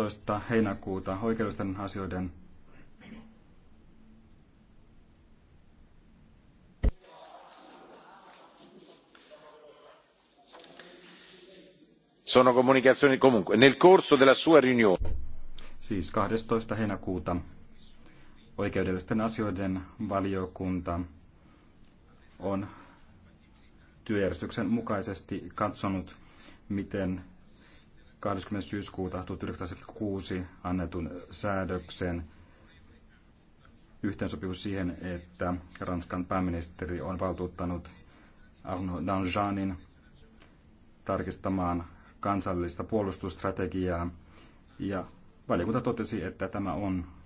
11. heinäkuuta oikeudellisten asioiden sono comunicazioni comunque nel corso della sua riunione siis 12. heinäkuuta oikeudellisten asioiden valiokunta on työjärjestyksen mukaisesti katsonut miten 20. syyskuuta 1976 annetun säädöksen yhteensopivuus siihen, että Ranskan pääministeri on valtuuttanut Arnaud Danjanin tarkistamaan kansallista puolustusstrategiaa. Ja valiokunta totesi, että tämä on